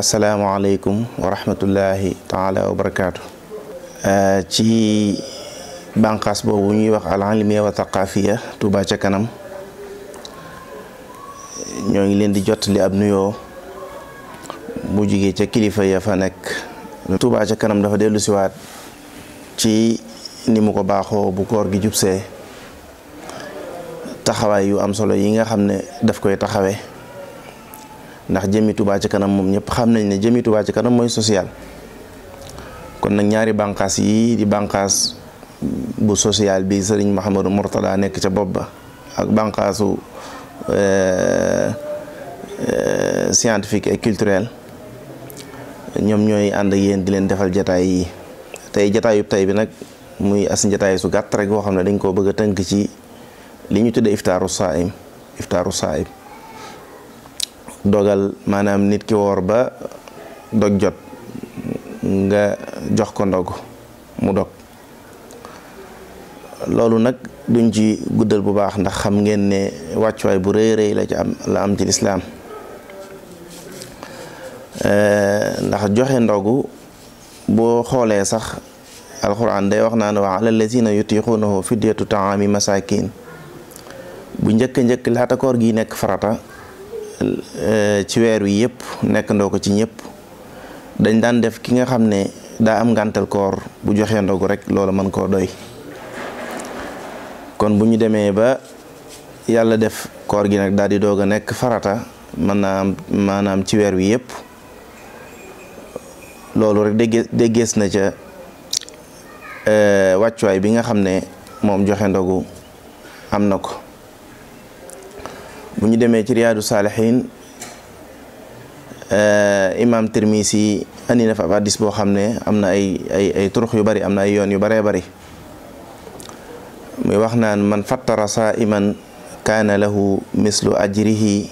asalaamaaleykum wa rahmatullahi taala wa barakaatu eh, ci banqaas boobu ñuy wax al ilmiya wa ca kanam ñoo ngi leen di jottali ab nuyoo bu jugee ca kilifa ya fa nekk Touba ca kanam dafa dellu siwaat ci ni mu ko baaxoo bu koor gi jubsee taxawaay yu am solo yi nga xam ne daf koy taxawee ndax jëmi Touba ci kanam moom ñëpp xam nañ ne jëmi Touba ci kanam mooy social kon nag ñaari bànqaas yi di bànqaas bu social bi sëriñ Mouhamadou Mourtada nekk ca bopp ba ak bànqaasu euh, euh, scientifique et culturel ñoom ñooy ànd ak yéen di leen defal jataay yi tey jataayu tey bi nag muy as jataay su gàtt rek boo xam ne dañ koo bëgg a tënk ci li ñu tuddee iftaaru saayim iftaaru saayim dogal maanaam nit ki woor ba dog jot nga jox ko ndogu mu dog loolu nag duñ ci guddal bu baax ndax xam ngeen ne wàccuwaay bu rëy rëy la ci am la am ci lislaam eh, ndax joxe ndogu boo xoolee sax alxuraan day wax naa ne wa ala lazina yutiqunahu fidyatu taami masakin bu njëkk njëkk laata gi nekk farata Euh, ci weer wi yépp nekkandoo ko ci ñëpp dañ daan def ki nga xam ne daa am ngàntal koor bu joxee ndogu rek loolu mën koo doy kon bu ñu demee ba yàlla def koor gi nag daal di doog a nekk farata mën naa am maanaam ci weer wi yëpp loolu rek déggees na ca euh, wàccuwaay bi nga xam ne moom joxe ndogu am na ko bu ñu demee ci riyaadu saalihin euh, imaam Tirmisi andi fa ab hadiis boo xam ne am na ay ay ay yu bari am na ay yoon yu baree bari muy wax naan man fattara saa'iman kaana lahu mislu ajrihi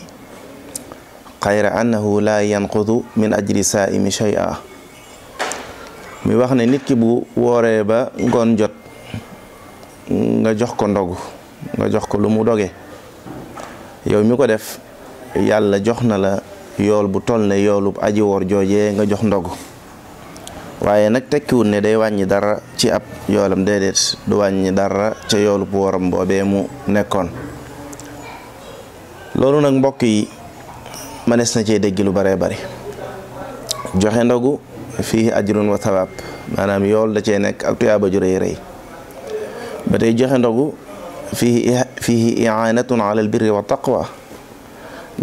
xayra annahu laa yanqudu min ajri saa'imi shay'a muy wax na nit ki bu wooree ba ngoon jot nga jox ko ndogu nga jox ko lu mu doge yow mi ko def yàlla jox na la yool bu toll ne yoolub aji woor joojee nga jox ndogu waaye nag tekkiwul ne day wàññi dara ci ab yoolam déedéet du wàññi dara ca yoolub wooram boobee mu nekkoon loolu nag mbokk yi mënees na cee dégg lu baree bari joxe ndogu fii ajrun wa maanaam yool da cee nekk ak tuyaaba ju rëy ba tey joxe ndogu fihi fihi i'anatun ala albirri wa taqwa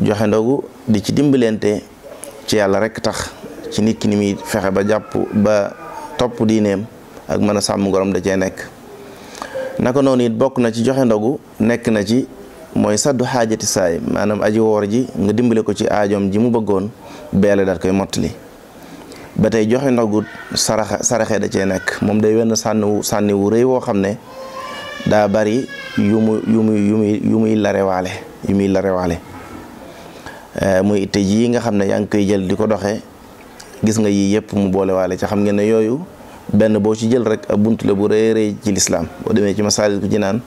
joxe ndogu di ci dimbalente ci yàlla rek tax ci nit ki ni muy fexe ba jàpp ba topp diineem ak mën a sàmm ngorom da cee nekk naka noonu it bokk na ci joxe ndogu nekk na ci mooy saddu xaajati saay maanaam aji woor ji nga dimbale ko ci aajoom ji mu bëggoon beele daal koy mottali ba tey joxe ndogu saraxa saraxe da cee nekk moom day wenn sànniwu wu rëy woo xam ne daa bari yu mu yu muy yu muy yu muy larewaale yu muy larewaale eh, muy itte yi nga xam ne yaa ngi koy jël di ko doxe gis nga yii yëpp mu boolewaale ci xam ngeen ne yooyu benn boo ci jël rek ab bunt la bu rëy rey ci lislaam boo demee ci ci naan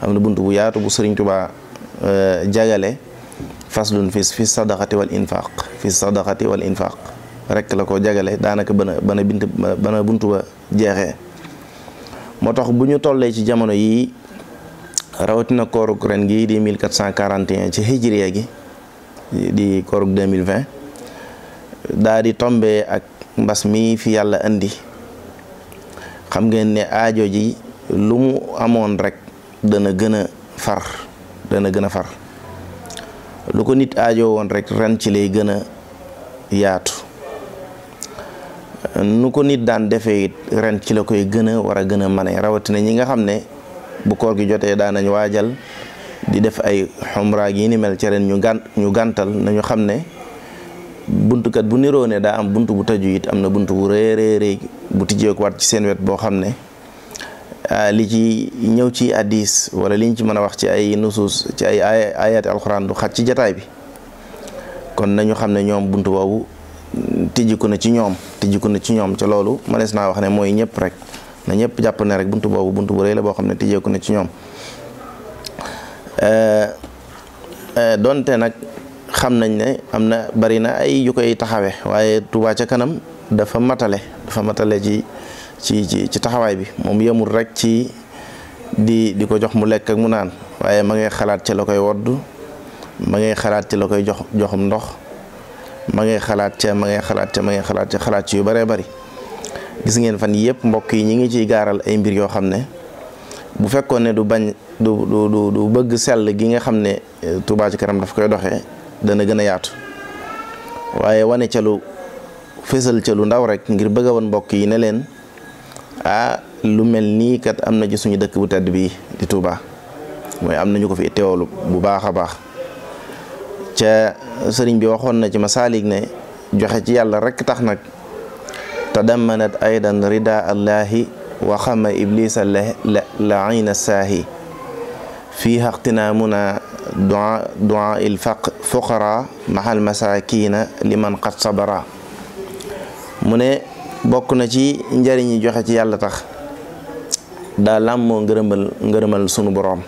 am na bunt bu yaatu bu Sëriñ Tuubaa eh, jagale faslun fi fi sadaqati wal infaq fi sadaqati wal infaq rek la ko jagale daanaka bana bana bint bana bunt ba jeexee moo tax bu ñu tollee ci jamono yii rawatina koorug ren gi di 1441 ci hijriya gi di koorug 2020 daa di tombe ak mbas mi fi yàlla indi xam nga ne aajo ji lu mu amoon rek dana gën a far dana gën a far lu ko nit aajo woon rek ren ci lay gën a yaatu nu ko nit daan defee it ren ci la koy gën a war a gën a mane rawatina ñi nga xam ne bu koor gi jotee daan nañ waajal di def ay xumra yi ni mel cere ñu gàn ñu gàntal nañu xam ne buntukat bu niroo ne daa am bunt bu tëju it am na bunt bu rëy rëy bu tijjeekuwaat ci seen wet boo xam ne li ci ñëw ci addis wala liñ ci mën a wax ci ay nusuus ci ay ayaati alxuraan du xat ci jataay bi kon nañu xam ne ñoom bunt boobu tijjiku na ci ñoom tijjiku na ci ñoom ca loolu mënees naa wax ne mooy ñëpp rek na ñëpp jàpp ne rek buntu boobu bunt bu rëy la boo xam ne tijjeeku na ci ñoom eh, eh, donte nag xam nañ ne am na bari na ay yu koy taxawe waaye Touba ca kanam dafa matale dafa matale ci ci ci taxawaay bi moom yemul rek ci di di ko jox mu lekk ak mu naan waaye ma ngay xalaat ci la koy wodd ma ngay xalaat ci la koy jox joxum ndox ma ngay xalaat ca ma ngay xalaat ci ma ngay xalaat ca xalaat ci yu baree bari gis ngeen fan yëpp mbokk yi ñu ngi ciy gaaral ay mbir yoo xam ne bu fekkoon ne du bañ du du du bëgg sell gi nga xam ne e, Touba Ca Kanam daf koy doxee dana gën a yaatu waaye wane ca fësal ca lu ndaw rek ngir bëgg a mbokk yi ne leen ah lu mel nii kat am na ci suñu dëkk bu tedd bii di Touba mooy am nañu ko fi teewlu bu baax a baax ca sëriñ bi waxoon na ci masaalik ne joxe ci yàlla rekk tax nag. tadammanat aydan rida allahi wa xama iblisa laina saahi fiiha ixtinaamuna duaa il faq fuqara mahal masakina liman qad sabara mu ne bokk na ci njariñi joxe ci yàlla tax daa làmboo ngërëmal ngërëmal sunu boroom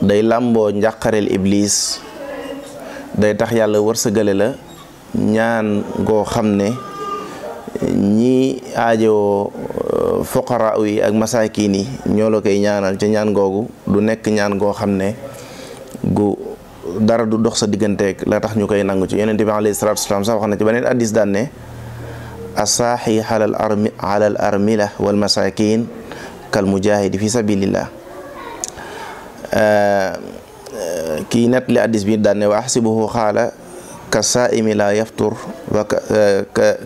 day làmboo njàqareel iblis day tax yàlla wërsëgale la ñaan goo xam ne ñi aajowoo euh, fuqara yi ak masaakiin yi ñoo la koy ñaanal ca ñaan googu du nekk ñaan goo xam ne gu dara du dox sa digganteeg la tax ñu koy nangu ci yonent bi alayhi salaatu wasalaam sax wax na ci beneen hadiis daan ne asaaxi alal armi alal armila wal masaakiin kal mujaahidi fi sabilillah euh, euh, kii net li hadiis bi daan ne xaala ka saaimi laa yaftur wa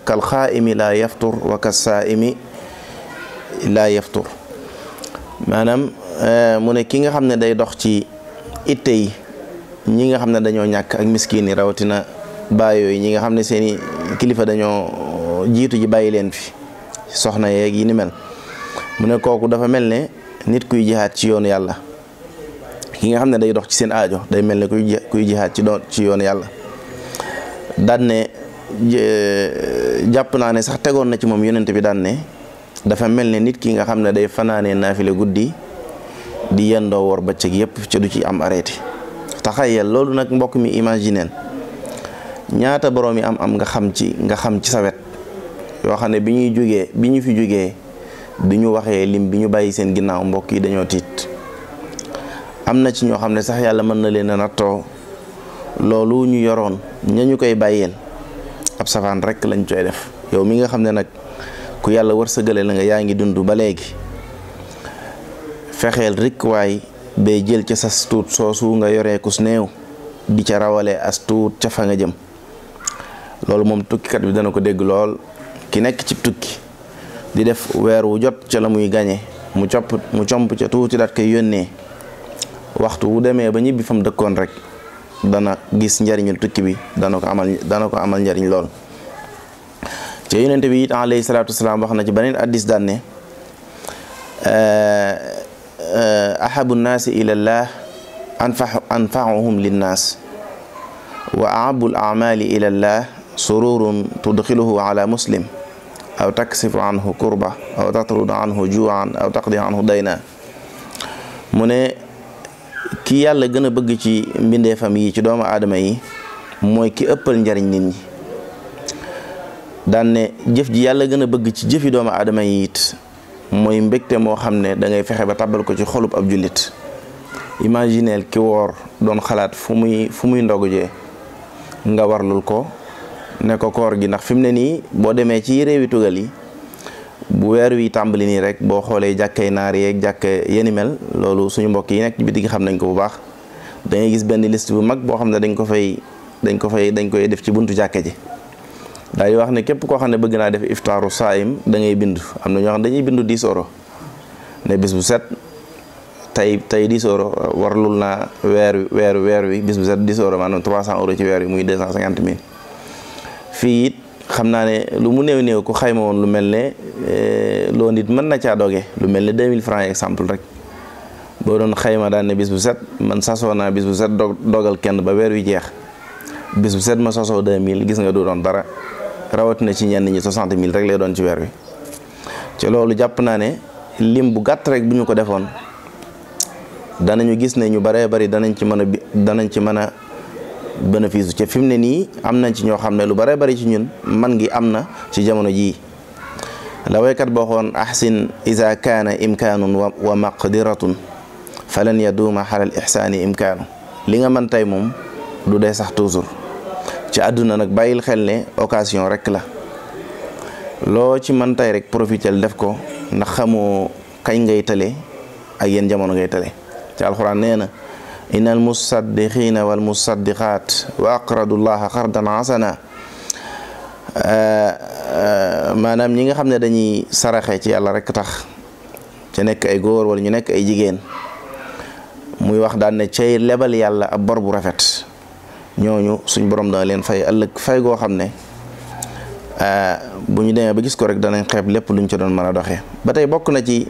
kal xaaimi laa yaftur wa ka saaimi laa yaftur maanaam eh, mu ne ki nga xam ne day dox ci itte yi ñi nga xam ne dañoo ñàkk ak miskiin yi rawatina baay yooyu ñi nga xam ne seeni kilifa dañoo jiitu ji bàyyi leen fi soxna yeeg yi ni mel mu ne kooku dafa mel ne nit kuy jihaat ci yoon yàlla ki nga xam ne day dox ci seen aajo day mel ne kuy kuy ci doon ci yoonu yàlla daan ne eh, jàpp naa ne sax tegoon na ci moom yonent bi daan ne dafa mel ne nit ki nga xam ne day fanaane naafile guddi di yendoo woor cëg yépp ci du ci am arrêté taxayal loolu nag mbokk mi imaginer ñaata boroom yi am am nga xam ci nga xam ci sa wet yoo xam ne bi ñuy jógee bi ñu fi jógee du ñu waxee lim bi ñu bàyyi seen ginnaaw mbokk yi dañoo tiit am na ci ñoo xam ne sax yàlla mën na leen a nattoo loolu ñu yoroon ña ñu koy bàyyeel ab safaan rek lañ koy def yow mi nga xam ne nag ku yàlla wërsëgale la nga yaa ngi dund ba léegi fexeel rek waay bay jël ca sas tuut soosu nga yoree kus néew di ca rawalee as tuut ca fa nga jëm loolu moom tukkikat bi dana ko dégg lool ki nekk ci tukki di def weer wu jot ca la muy gañe mu copp mu comp ca tuuti daat koy yónnee waxtu wu demee ba ñibbi mu dëkkoon rek dana gis njariñul tukki bi dana ko amal njariñ lool ci yonente bi it alayhi salaatu wasalaam wax ci beneen addis daan ne ahabu nnaasi ilallah anfa anfahuhum linnaas wa ahabul amali ilallah sururun tudxiluhu ala muslim aw taksifu anhu kurba aw tatrudu anhu juan aw taqdi ki yàlla gën a bëgg ci mbindeefam yi ci doomu adama yi mooy ki ëppal njariñ nit ñi daan jëf ji yàlla gën a bëgg ci jëfi doomu aadama yi it mooy mbégte moo xam ne dangay fexe ba tàbbal ko ci xolub ab jullit imagineel ki woor doon xalaat fu muy fu muy ndogujee nga warlul ko ne ko koor gi ndax fi mu ne nii boo demee ci réewi tugal yi bu weer wi tàmbali nii rek boo xoolee jàkkay naar yeeg jàkk yeni mel loolu suñu mbokk yi nekk bi biti xam nañ ko bu baax da gis benn liste bu mag boo xam ne dañ ko fay dañ ko fay dañ koy def ci buntu jàkka ji daal di wax ne képp koo xam ne bëgg naa def iftaaru saayim da ngay bind am na ñoo xam ne dañuy bindu 10 euros ne bis bu set tey tey 10 euros warlul naa weer weer weer wi bis bu set 10 euros maanaam 300 euros ci weer wi muy 250 mille fii it xam naa ne lu mu néew néew ku xayma woon lu mel ne eh, loo nit mën na caa doge lu mel ne 2000 francs exemple rek boo doon xayma daan ne bis bu set man sasoo naa bis bu set dogal kenn ba weer wi jeex bis bu set ma sasoo mille gis nga du doon dara rawatina ci ñenn ñi 60 mille rek lay doon ci weer wi ci loolu jàpp naa ne lim bu gàtt rek bu ñu ko defoon danañu gis ne ñu baree bari danañ ci mën a danañ ci mën a bénéfice ca fi mu ne nii am nañ ci ñoo xam ne lu bare bari ci ñun man ngi am na ci jamono jii la waykat boo xoon ahsin isa kaana imkaanun wa maqdiratun falan yaduuma xalal ixsaani imkaanu li nga man tey moom du dee sax toujours ci àdduna nag bàyyil xel ne occasion rek la loo ci man tey rek profitel def ko ndax xamoo kañ ngay tële ak yéen jamono ngay tële ci alxuraan nee na إن المصدقين والمصدقات وأقرضوا الله قرضا حسنا maanaam ñi nga xam ne dañuy saraxe ci yàlla rek tax ci nekk ay góor wala ñu nekk ay jigéen muy wax daan ne cay lebal yàlla ab bor bu rafet ñooñu suñ borom dana leen fay ëllëg fay goo xam ne bu ñu demee ba gis ko rek danañ xeeb lépp luñ ci doon mën a doxee ba tey bokk na ci.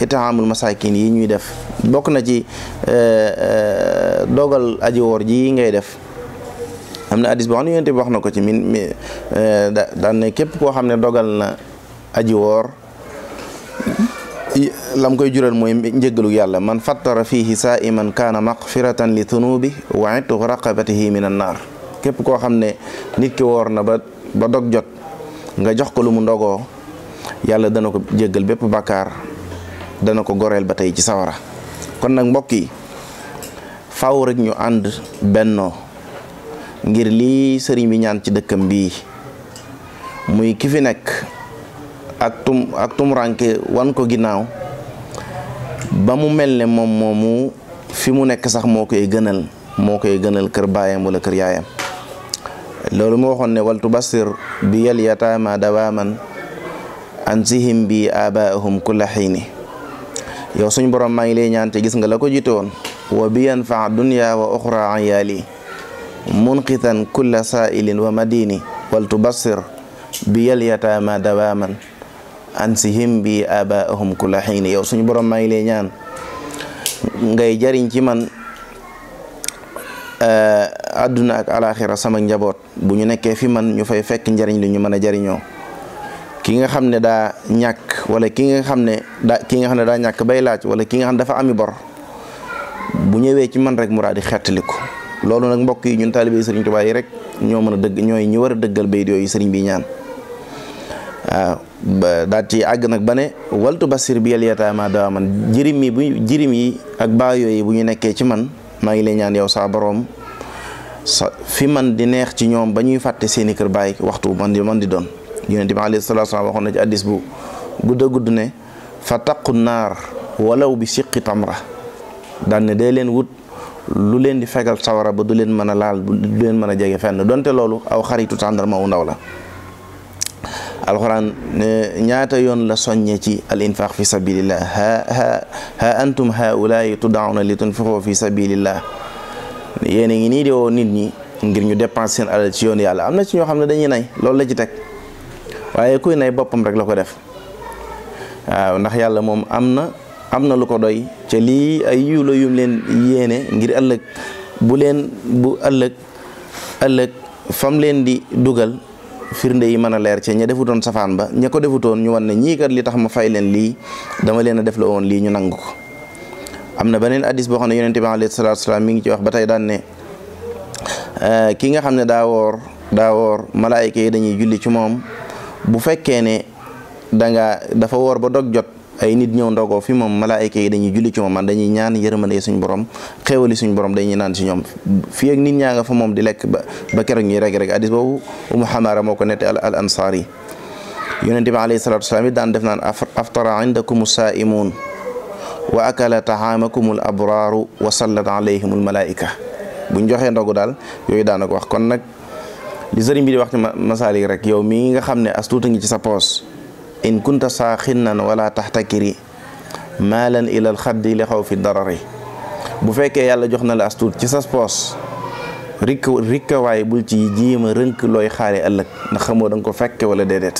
itaamul masakin yi ñuy def bokk na ci eh, eh, dogal aji woor ji ngay def am na hadis boo xam ne wax na ko ci min mi eh, daan képp koo xam ne dogal na aji lam koy jural mooy njëggalu yàlla man fattara fiihi saa'iman kaana maqfiratan li tunubi wa ittu raqabatihi min an naar képp koo xam ne nit ki woor na ba dog jot nga jox ko lumu mu ndogoo yàlla dana ko jéggal bépp bàkkaar dana ko goreel ba tey ci sawara kon nag mbokk yi faaw ñu ànd bennoo ngir lii sëriñ bi ñaan ci dëkkam bii muy ki fi nekk ak tum ak tumranke wan ko ginnaaw ba mu mel ne moom moomu fi mu nekk sax moo koy gënal moo koy gënal kër baayam wala kër yaayam loolu mu waxoon ne waltu basir bi yal yataama dawaaman ansihim bi abaahum kulla xiini yow suñ borom maa ngi lay ñaan te gis nga la ko jiite woon wa biyan faa dunya wa oxra ayaali munqitan kulla saailin wa madini wal tubassir biyal yataama dawaman ansihim bi abaahum kulla xiini yow suñu borom maa ngi lay ñaan ngay jariñ ci man eh, àdduna ak alaxira sama njaboot bu ñu nekkee fi man ñu fay fekk njariñ li ñu mën a jariñoo ki nga xam ne daa ñàkk wala ki nga xam ne daa ki nga xam ne daa ñàkk bay laaj wala ki nga xam ne dafa ami bor bu ñëwee ci man rek mu daal di xettaliku loolu nag mbokk yi ñun taalibe Sëriñ Tuubaa yi rek ñoo mën a dëgg ñooy ñi war a dëggal bayit yooyu sëriñ bi ñaan waaw daal ci àgg nag ba ne waltu basir bi yal yataama daa man jërim yi bu jërim yi ak baa yooyu bu ñu nekkee ci man maa ngi lay ñaan yow saa boroom sa fi man di neex ci ñoom ba ñuy fàtte seeni kër baay waxtu man di di doon yonente bi alayhi salaatu salaam waxoon na ci addis bu gudd a gudd ne fa taqu naar walaw bi siqi tamra daan ne dee leen wut lu leen di fegal sawara ba du leen mën a laal du leen mën a jege fenn donte loolu aw xaritu tàndarma wu ndaw la alxuraan ñaata yoon la soññe ci al infaq fi sabilillah ha ha antum haulaai tudaawna li tunfiqu fi sabilillah yéena ngi nii di woo nit ñi ngir ñu dépense seen alal ci yoon yàlla am na ci ñoo xam ne dañuy nay loolu la ci teg waaye koy nay boppam rek la ko def waaw ndax yàlla moom am na am na lu ko doy ca lii ay yiw la yum leen yéene ngir ëllëg bu leen bu ëllëg ëllëg fam leen di dugal firnde yi man a leer ca ña defutoon safaan ba ña ko defutoon ñu wan ne ñii kat li tax ma fay leen lii dama leen a def la woon lii ñu nangu ko am na beneen addis boo xam ne yonente bi alayhi salaatu salaam mi ngi ci wax ba tey daan ne eh, ki nga xam ne daa woor daa woor malaayika yi dañuy julli ci moom bu fekkee ne danga dafa woor ba dog jot ay nit ñëw ndogoo fi moom malaayika yi dañuy julli ci man dañuy ñaan yërmande suñ borom xéewali suñ borom dañuy naan si ñoom fii ak nit ñaa nga fa moom di lekk ba ba keroog ñuy rek rek hadis boobu umu xamaara moo ko nette al ansaar yi yonent bi alayhi salaatu wasalaam yi daan def naan aftara indakum saaimuun wa akala taxaamakum al abraaru wa sallat alayhim al malaayika buñ joxee ndogu daal yooyu daana ko wax kon nag li sëriñ bi di wax ci masaalik rek yow mi nga xam ne as tuuta ngi ci sa poos in kunta saaxinnan wala taxtakiri maalan ilal xaddi li xaw fi darari bu fekkee yàlla jox na la as ci sa poos rikk rikkawaay bul ci jiima rënk looy xaare ëllëg ndax xamoo da ko fekke wala déedéet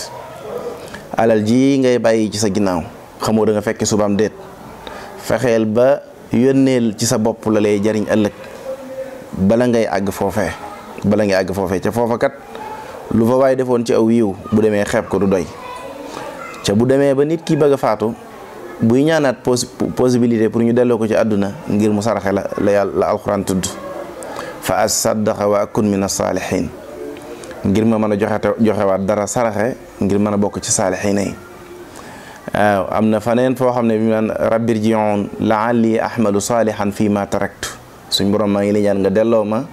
alal ji ngay bàyyi ci sa ginnaaw xamoo da nga fekke subaam déet fexeel ba yónneel ci sa bopp la lay jariñ ëllëg bala ngay àgg foofe bala ngay àgg foofee ca foofa kat lu fa waay defoon ci aw yiw bu demee xeeb ko du doy ca bu demee ba nit ki bëgg a faatu buy ñaanaat possibilité pour ñu delloo ko ci àdduna ngir mu saraxe la la yàlla la alxuraan tudd fa asaddaqa wa akun min as-saalihiin ngir ma mën a joxe joxewaat dara saraxe ngir mën a bokk ci saalihiina yi waaw am na faneen foo xam ne bi naan rabbi rji'uun la'allii ahmalu saalihan fii ma taraktu suñ borom maa ngi lay ñaan nga delloo ma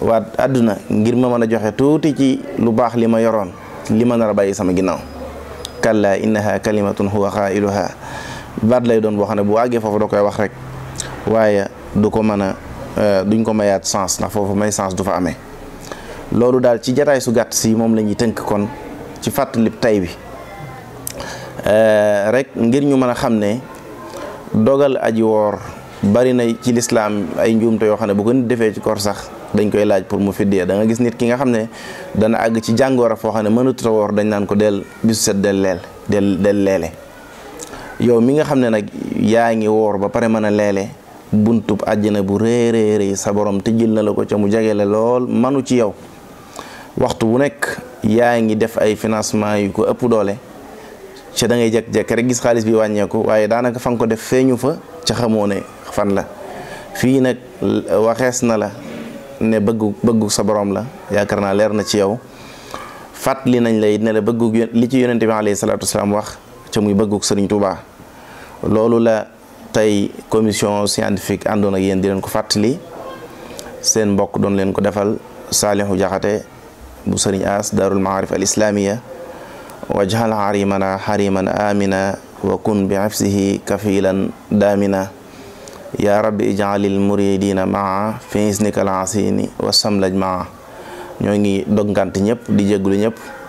waa àdduna ngir ma mën a joxe tuuti ci lu baax li ma yoroon li ma nar a bàyyi sama ginnaaw kalla innaha kalimatun huwa qailuha baat lay doon boo xam ne bu àggee foofu da koy wax rek waaye du ko mën a euh, duñ ko mayaat sens ndax foofu may sens du fa amee loolu daal ci jataay su gàtt si moom la ñuy tënk kon ci fàttali tay bi euh, rek ngir ñu mën a xam ne dogal aji woor bari na ci lislaam ay njuumte yoo xam ne bu ko nit defee ci koor sax dañ koy laaj pour mu fiddee da danga gis nit ki nga xam ne dana àgg ci jàngoor foo xam ne mënatu woor dañ naan ko dell bisu set del leel del del leele yow mi nga xam ne nag yaa ngi woor ba pare mën a leele buntub àjjana bu réy réy sa borom te tëjjil na la ko ca mu jege la lool manu ci yow waxtu wu nekk yaa ngi def ay financement yi ko ëpp doole ca da ngay jekk-jekk rek gis xaalis bi wàññeeku waaye daanaka fa nga ko def feeñu fa ca xamoo ne fan la fii nag waxees na la ne bëggu sa borom la yaakaar naa leer na ci yow fàttali nañ lay ne la bëggu li ci yonente bi alayhi salaatu wasalaam wax ca muy bëggug sëriñ Tuubaa loolu la tey commision scientifique àndoon ak yéen di leen ko fàttali seen mbokk doon leen ko defal Saalihu Jaxate bu sëriñ As Daarul Maarif al Islaamiya wajhal xarimana xariman amina wa kun bi xifsihi kafilan daamina yaa rabbi ijaalil muridina maa fi isnikal asini wa samlaj maa ñoo ngi dog ngant ñëpp di jéglu ñëpp